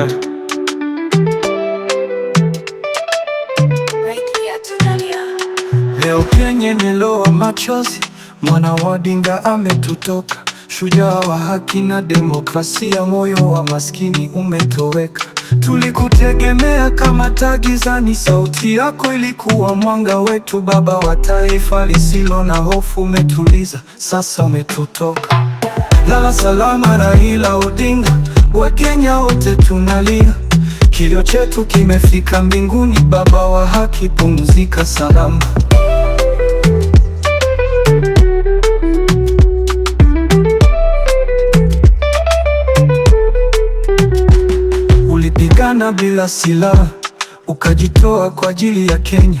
Dobrze. Leo penye niloa machozi, mwana wa Odinga ametutoka, shujaa wa haki na demokrasia, moyo wa maskini umetoweka. Tulikutegemea kama taa sauti yako ilikuwa mwanga wetu. Baba wa taifa lisilo na hofu, umetuliza, sasa umetutoka. Lala salama Raila Odinga kenya wote tunalia, kilio chetu kimefika mbinguni. Baba wa haki, pumzika salama. Ulipigana bila silaha, ukajitoa kwa ajili ya Kenya,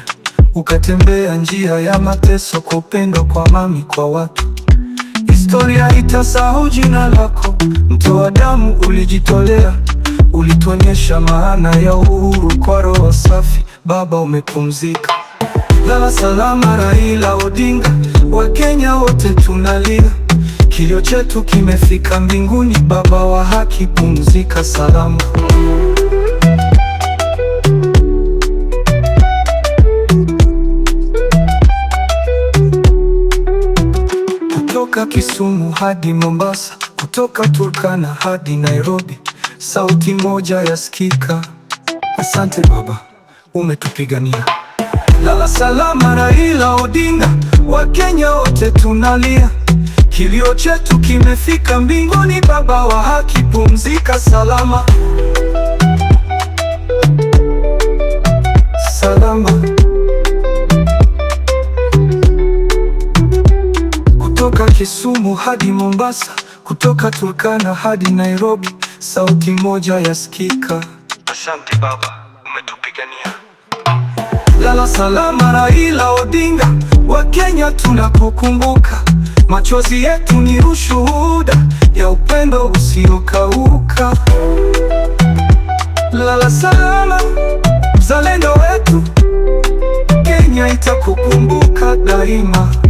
ukatembea njia ya mateso kwa upendo, kwa mami kwa watu Historia itasahau jina lako. mto wa damu ulijitolea, ulituonyesha maana ya uhuru kwa roho safi. Baba, umepumzika. Lala salama Raila Odinga, Wakenya wote tunalia, kilio chetu kimefika mbinguni. Baba wa haki, pumzika salama. Kutoka Kisumu hadi Mombasa, kutoka Turkana hadi Nairobi, sauti moja yasikika. Asante baba, umetupigania. Lala salama Raila Odinga, Wakenya wote tunalia, kilio chetu kimefika mbinguni. Baba wa haki, pumzika salama. Kisumu hadi Mombasa, kutoka Turkana hadi Nairobi, sauti moja yasikika. Asante baba, umetupigania. Lala salama Raila Odinga, wa Kenya tunakukumbuka. Machozi yetu ni ushuhuda ya upendo usiokauka. Lala salama mzalendo wetu, Kenya itakukumbuka daima.